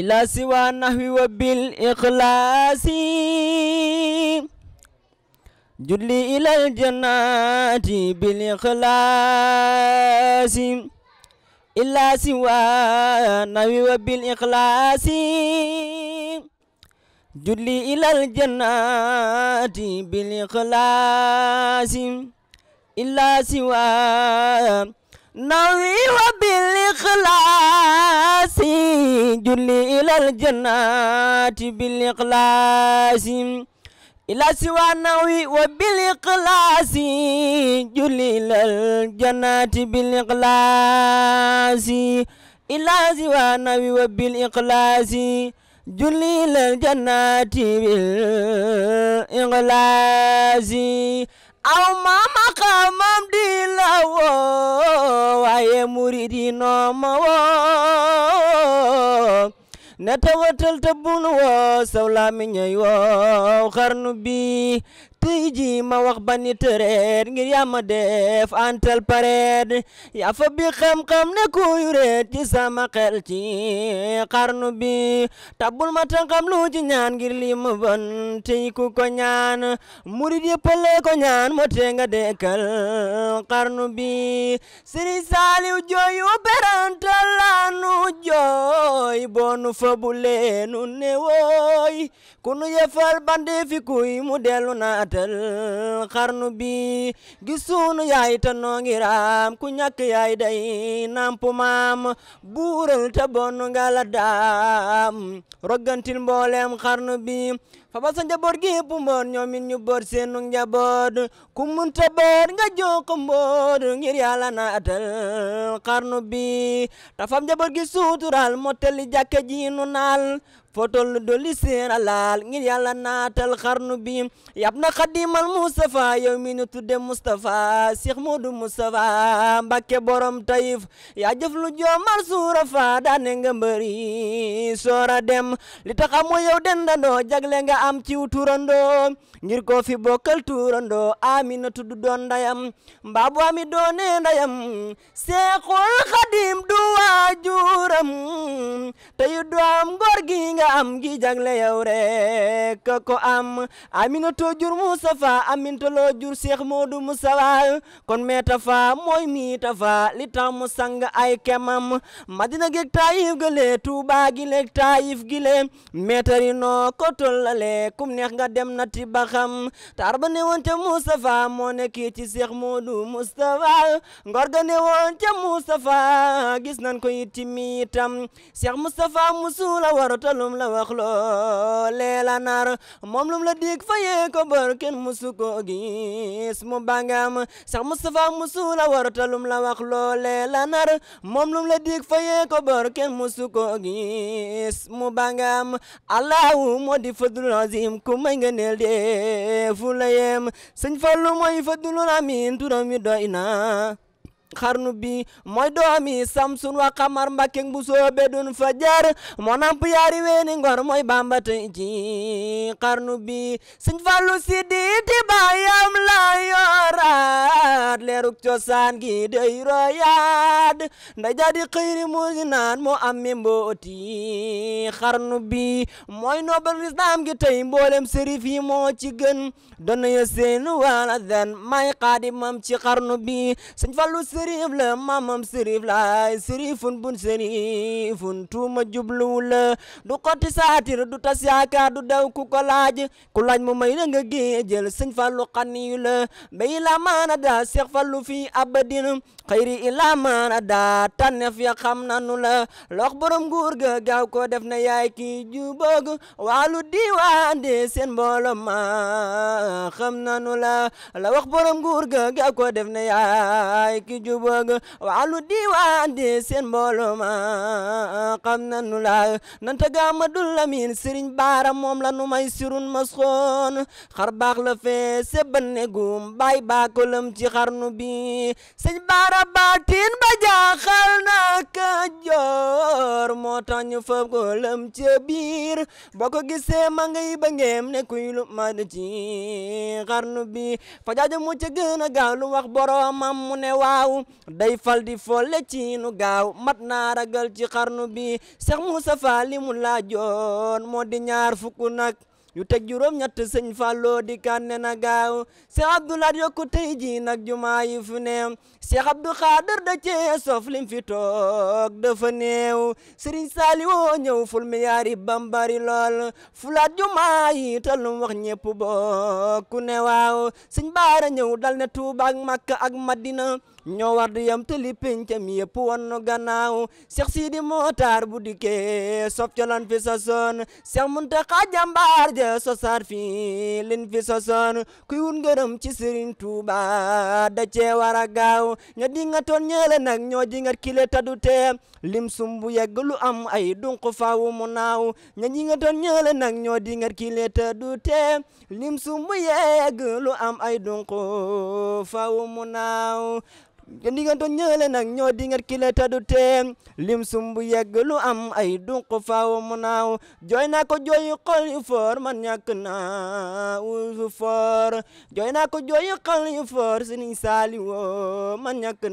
إلى سوى النحو وبالإخلاص جلي إلى الجنة بالإخلاص إلا سوى النحو وبالإخلاص جلي إلى الجنة بالإخلاص إلا سوى نوي بالإخلاص جلي إلى الجنات بالإخلاص إلى سوى النوي وبالإخلاص جلي إلى الجنات بالإخلاص إلى سوى النوي وبالإخلاص جلي إلى الجنات بالإخلاص aw ma maqaamam di la woo waaye murid yi noo ma woo na tawatal te bul woo saw laa mi ñooy woo xarnu bi tey ji ma wax ba ni tëreet ngir yaa ma def antal pareet yaa fa bi xam-xam ne kuy ci sama xel bi tabul ma tan xam lu ci ñaan ngir li ma bon tey ko ñaan murid yëpp le ko ñaan moo tee nga dekkal xarnu bi Sëriñ Saaliw jooyu berantal laanu jooy boonu fa bu leenu ne wooy ku nu yëfal bandi fi kuy mu jiital xarnu bi gisunu yaay te noo ngi raam ku ñàkk yaay day namp maam buural te bon nga la daam rogantil mboolem xarnu bi fa ba sa njaboot gi yëpp mboot ñoom it ñu boot seenu njaboot ku munta nga jox ko mboot ngir yàlla na atal xarnu bi ta fam njaboot gi suutural motali jàkke ji nu naal fotol doli seen alaal ngir yàlla naatal xarnu bi yab na xadimal Moustapha yow mi nu tudde Moustapha Cheikh Modou Moustapha borom Taïf yaa jëf lu suura fa daane nga mbëri soora dem li tax amoo yow dendandoo jagle nga am ciw turandoo ngir ko fi bokkal turandoo amina tudd doon ndayam mbaa bu ami doone ndayam seexul xadim du waajuram teyu du am ngor gi nga am gi jagle yow rek ko am amina too jur musafa aminta loo jur seex moodu musawa kon meeta fa mooy miita fa li tax mu sang ay kemam madina geeg taayif gële tuubaa gi leeg taayif gile meetari noo ko tollale kum neex nga dem na ti ba xam ba ne woon ca Moustapha moo nekk ci Cheikh Modou Moustapha ngor ga ne woon ca Moustapha gis nan ko it ci miitam Cheikh Moustapha musula war talum la wax loo leela lum la dig fayee ko bor kenn musu ko gis mu bangam Cheikh Moustapha musula war talum la wax loo nar moom lum la dig fayee ko bor musu ko gis mu bangam Allahu moo di fadlu azim ku may nga neel dee fu la yem sëñ Fallu mooy fadlul amin turam wi doy na xarnu bi mooy doomi samsun wa xamar mbakke bu soobe dun fajar moo namp yaari weeni ngor mooy bamba tey ji xarnu bi sëñ fallu si di ti baayam la yoraat leeruk cosaan gi dey royaat nda jadi xëyri mu naan moo am mi mbooti mooy nobel islam gi tey mboolem sërif moo ci gën doon na ya seen wala den may ci xarnu bi sëñ sërif la maamam sërif la sërifun bun sërifun tuuma jubluwu la du xotti saatir du tas yaakaar du daw ku ko ku laaj mu may la nga géejël sëñ Fallu xaniyu la bay la maana daa Seex Fallu fii abadin xayri ila maana daa tan ya xam nanu la lox borom nguur ga ko def na yaay kii jubóog waalu diiwaan de seen mboolo la la wax borom nguur ga ko def na yaay ki jubóog wàllu diwaan di seen mbooloo ma xam nanu la nanta gaama dul lamin sëriñ baara moom la nu may sirun masxoon xar baax la fee sebban negum baay baakolam ci xarnu bi sëñ baara baatin ba jaaxal na ka moo tax ñu fab ko lëm ci biir boo ko gisee ma ngay ba ne kuy lu mad ci xarnu bi fajaajo mu ca gën a lu wax boroomam mu ne waaw day fal di folle ci nu gaaw mat naa ci xarnu bi Seex Mustafaa li mu laajoon moo di ñaar fukk nag yu teg juróom ñett sëñ Fallou di kànne na gaaw Seex Abdoulaye yokku tey ji nag jumaa yi fu neew da cee sof lim fi toog dafa néew Sëriñ Saliou ñëw ful miliyaar yi bambari lool fulaat jumaa yi te lu mu wax bokku ne waaw sëñ Baara ñëw dal ne Tuuba ak Makka ak Madina ñoo war di yam tëli pincam yëpp won nu gannaaw Seex Sidi Motaar bu dikkee sof colan fi sosoon Seex Muntaxa jàmbaar ja sosaat fi lin fi sosoon kuy wut ngërëm ci Sëriñ Tuuba da cee war a gaaw ña dingatoon ñeele nag ñoo dingat kile tadu tee lim sumbu yegg lu am ay dunq faawu mu naaw ña dingatoon ñeele nag ñoo dingat kile tadu tee lim sumbu yegg lu am ay dunq faawu mu diggantoon ñële nag ñoo dingat kile ta du tee lim sumb yegg am ay dunq faaw mu naaw jooy naa ko jooy xol yu foor man ñàkk naa u foor jooy naa ko jooy xol yu man ñàkk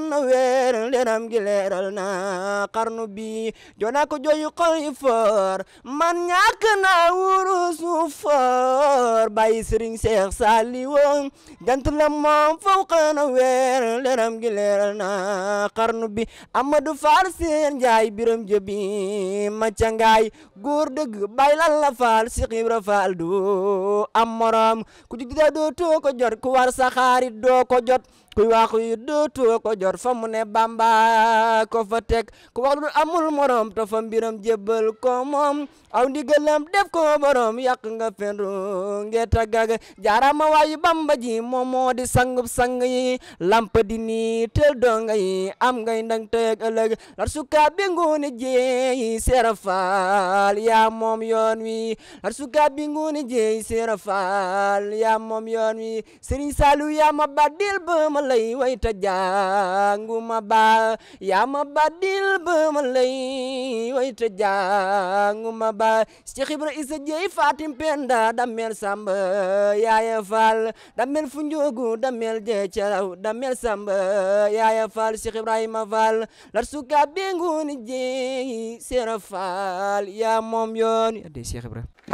na weer leeram gi leeral na xarnu bi jooy naa jooy xol yu foor man ñàkk naa foor bàyyi sëriñ Seex Saaliwu jant la moom fawqa na weer leeram gi leeral na xarnu bi Amadou Fall seen njaay biram jëbi macca ngaay góor dëgg bay lal la faal si xibra faal du am morom ku ci gida doo too ko war sa xarit doo kuy waaxu yu dootoo ko jot fa mu ne bamba ko fa teg ku wax lu amul morom to fa mbiram jébbal ko moom aw ndigalam def ko borom yàq nga fenru ngeta gag jaarama waayu bamba ji moom di sangub sang yi lamp tel donga yi am ngay ndang teg ëllëg lar suka bi nguuni jeeyi seera faal yaa moom yoon wi lar suka bi nguuni jeeyi seera faal lay way ta jànguma ba yaa ma badil ba ma lay way ta jànguma ba Cheikh Isa Jeey Fatim Penda damel Samba yaaya Faal damel Funjoogu damel Jeecaraw damel Samba yaaya Faal Cheikh Faal lar suka bengu ni jeey Sera Faal yaa moom yoon yaa dey Cheikh